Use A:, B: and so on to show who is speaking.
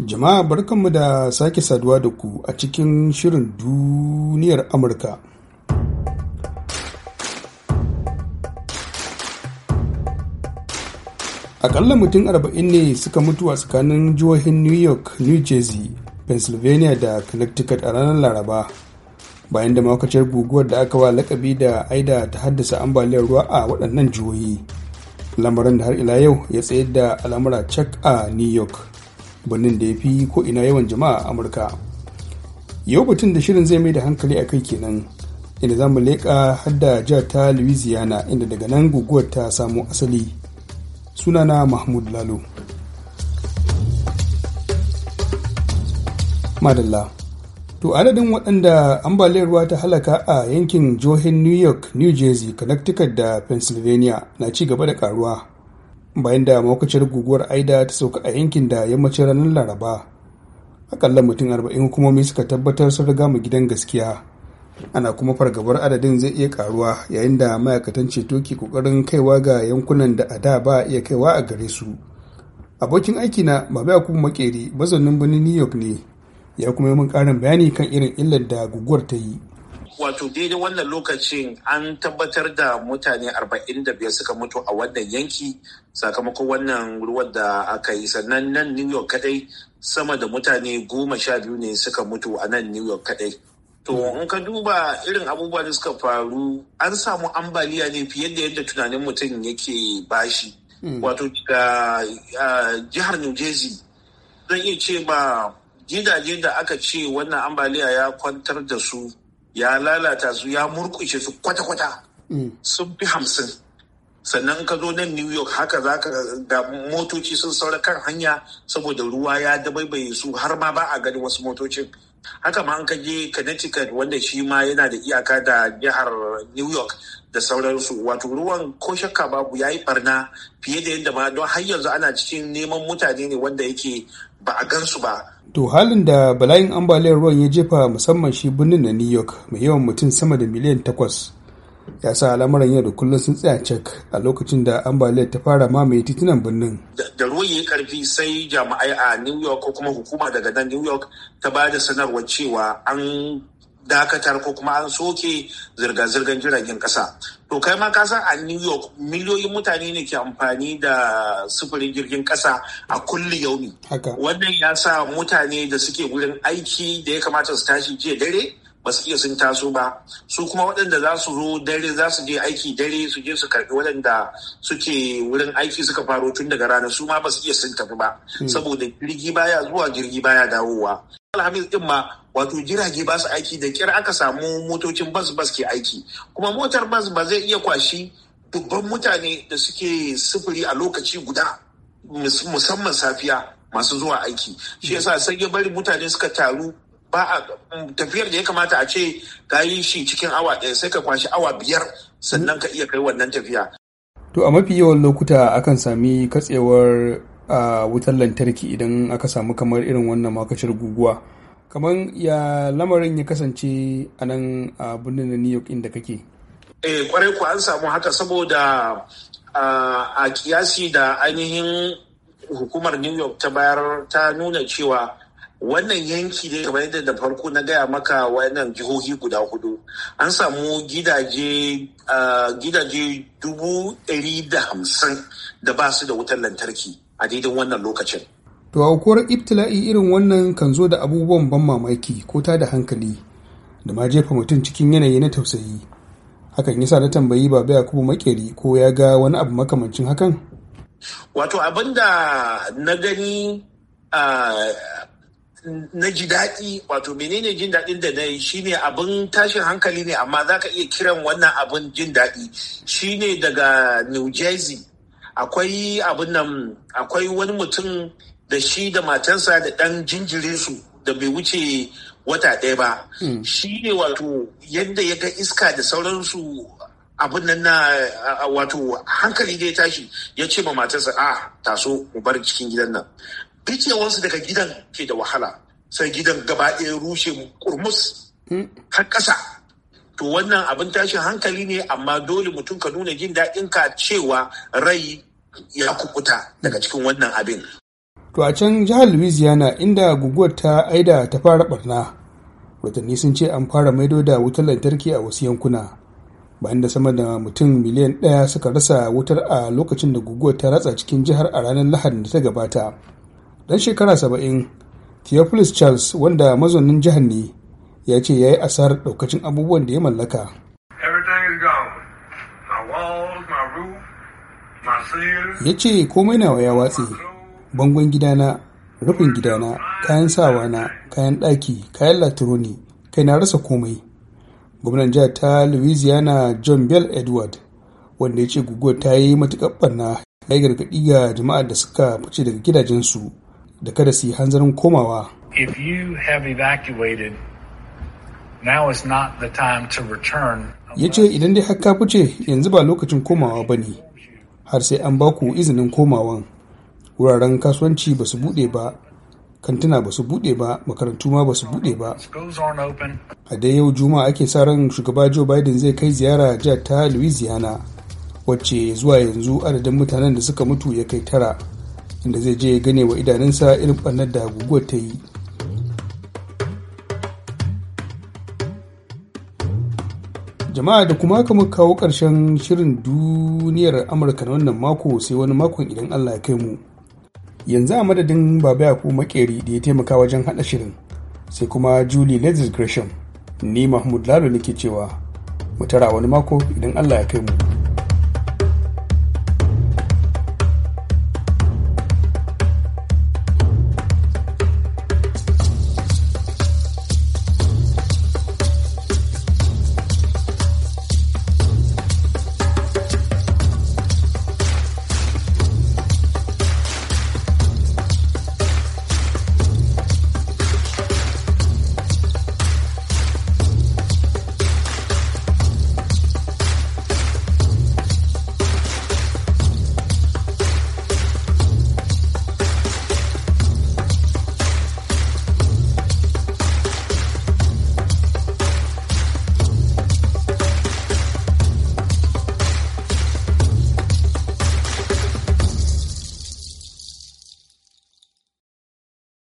A: Jama'a barkanmu da sake saduwa da ku a cikin shirin duniyar Amurka. Akalla mutum arba'in ne suka mutu a tsakanin jihohin New York, New Jersey, Pennsylvania da Connecticut a ranar Laraba. Bayan da makacin guguwar da aka wa lakabi da aida ta haddasa ambaliyar ruwa a waɗannan jihohi. Lamarin da har ila yau ya tsaye da al'amura cak a New York. birnin da ya fi ko ina yawan jama'a a amurka yau batun da shirin zai mai da hankali a kai kenan inda za mu leƙa hadda jihar ta louisiana inda daga nan guguwar ta samo asali sunana mahmud lalo madalla to adadin waɗanda ambaliyar ruwa ta halaka a yankin johin new york new jersey connecticut da pennsylvania na ci gaba da karuwa bayan da makwacin guguwar aida ta sauka a yankin da yammacin ranar laraba akalla mutum arba'in hukumomi suka tabbatar sun riga mu gidan gaskiya ana kuma fargabar adadin zai iya karuwa yayin da ma'aikatan ceto ke kokarin kaiwa ga yankunan da a da ba iya kaiwa a gare su abokin aiki na baba yakubu makeri mazaunin birnin new york ne ya kuma yi min karin bayani kan irin illar da guguwar ta yi
B: wato daidai wannan lokacin an tabbatar da mutane 45 suka mutu a wannan yanki sakamakon wannan ruwan da aka yi sannan nan new york kadai sama da mutane goma sha biyu ne suka mutu a nan new york kadai to mm. in ka duba irin abubuwa da suka faru an samu ambaliya ne fiye da yadda tunanin mutum yake bashi mm. wato da jihar new jersey zan iya ce ba gidaje da aka ce wannan ambaliya ya kwantar da su ya lalata su ya murkushe su kwata-kwata mm. sun fi hamsin sannan ka zo nan new york haka za ka ga motoci sun saura kan hanya saboda ruwa ya dabaibaye su har ma ba a gani wasu motocin haka ma an kaje je connecticut wanda shi ma yana da iyaka da jihar new york da sauransu wato ruwan ko shakka babu ya yi barna fiye da yadda ma don har yanzu ana cikin neman mutane ne wanda yake ba
A: a gansu ba to halin da bala'in ambaliyar ruwan ya jefa musamman shi birnin na new york mai yawan mutum sama da miliyan takwas ya sa al'amuran yau da kullum sun tsaya cek a lokacin da ambaliyar ta fara mamaye titunan birnin.
B: Da ruwan yi karfi sai jami'ai a New York ko kuma hukuma daga nan New York ta ba da sanarwar cewa an dakatar ko kuma an soke zirga-zirgar jiragen kasa. To kai ma ka a New York miliyoyin mutane ne ke amfani da sufurin jirgin kasa a kulli yauni, Wannan ya sa mutane da suke wurin aiki da ya kamata su tashi jiya dare ba su iya sun taso ba su kuma waɗanda za su zo dare za su je aiki dare su je su karɓi waɗanda suke wurin aiki suka faro tun daga rana su ma ba su iya sun tafi ba hmm. saboda jirgi baya zuwa jirgi baya dawowa alhamis din ma wato jirage ba su aiki da kyar aka samu motocin bas bas ke aiki kuma motar bas ba zai iya kwashi dubban mutane da suke sufuri a lokaci guda musamman safiya masu zuwa aiki shi yasa sai ya bari mutane suka taru ba a tafiyar da ya kamata a ce ka yi shi cikin awa ɗaya sai ka kwashi awa biyar sannan ka iya kai wannan tafiya.
A: To a mafi yawan lokuta akan sami katsewar a wutar lantarki idan aka samu kamar irin wannan makashar guguwa. Kamar ya lamarin ya kasance a nan a birnin New York inda kake.
B: Eh kwarai ku an samu haka saboda a kiyasi da ainihin hukumar New York ta bayar ta nuna cewa wannan yanki ne kamar yadda da farko na gaya maka wannan jihohi guda hudu an samu gidaje gidaje dubu ɗari da hamsin da ba su da wutar lantarki a daidai wannan lokacin
A: to aukuwar ibtila'i irin wannan kan zo da abubuwan ban mamaki ko ta da hankali da ma jefa mutum cikin yanayi na tausayi hakan yasa na tambayi baba yakubu makeri ko ya ga wani abu makamancin hakan
B: wato abin da na gani na ji daɗi wato menene jin daɗin da na yi shine abin tashin hankali ne amma za ka iya kiran wannan abin jin daɗi shine daga new jersey akwai abin nan akwai wani mutum da shi da matansa da ɗan jinjirinsu da bai wuce wata ɗaya ba
A: hmm. shi
B: ne wato yadda ya ga iska da sauransu abin nan na wato hankali da ya tashi ya ce ma matarsa a ah, taso mu bar cikin gidan nan ficewansu daga gidan ke da wahala sai gidan gaba ɗaya rushe kurmus hmm. har ƙasa to wannan abin tashin hankali ne amma dole mutum ka nuna jin daɗin ka cewa rai ya kukuta daga cikin wannan abin
A: to a can jihar louisiana inda guguwar ta aida ta fara barna watanni sun ce an fara maido da wutar lantarki a wasu yankuna bayan da sama da mutum miliyan ɗaya suka rasa wutar a lokacin da guguwar ta ratsa cikin jihar a ranar lahadin da ta gabata dan shekara saba'in theophilus charles wanda mazaunin jihar ne ya ce ya yi asarar daukacin abubuwan da ya mallaka ya ce komai nawa ya watse bangon gidana rufin gidana kayan sawa na kayan ɗaki kayan latroni kai na rasa komai gwamnan jihar ta louisiana john bell edward wanda ya ce guguwar ta yi matuƙar ɓarna ya gargaɗi ga jama'ar da suka fice daga gidajensu da kada su yi hanzarin komawa.
B: If you have evacuated, now is not the time to return.
A: Ya ce idan dai haka fice yanzu ba lokacin komawa ba ne, har sai an ba ku izinin komawan. Wuraren kasuwanci ba su buɗe ba, kantuna ba su buɗe ba, makarantu ma ba su buɗe ba. A dai yau Juma'a ake sa ran shugaba Joe Biden zai kai ziyara jihar ta Louisiana, wacce zuwa yanzu adadin mutanen da suka mutu ya kai tara. inda zai je ya gane wa idanunsa irin ɓarnar da guguwar ta yi jama'a da kuma haka muka kawo ƙarshen shirin duniyar amurka na wannan mako sai wani makon idan allah ya kai mu yanzu a madadin baba yaku makeri da ya taimaka wajen haɗa shirin sai kuma julie lezis gresham ni mahmud lalo nake cewa mu tara wani mako idan allah ya kai mu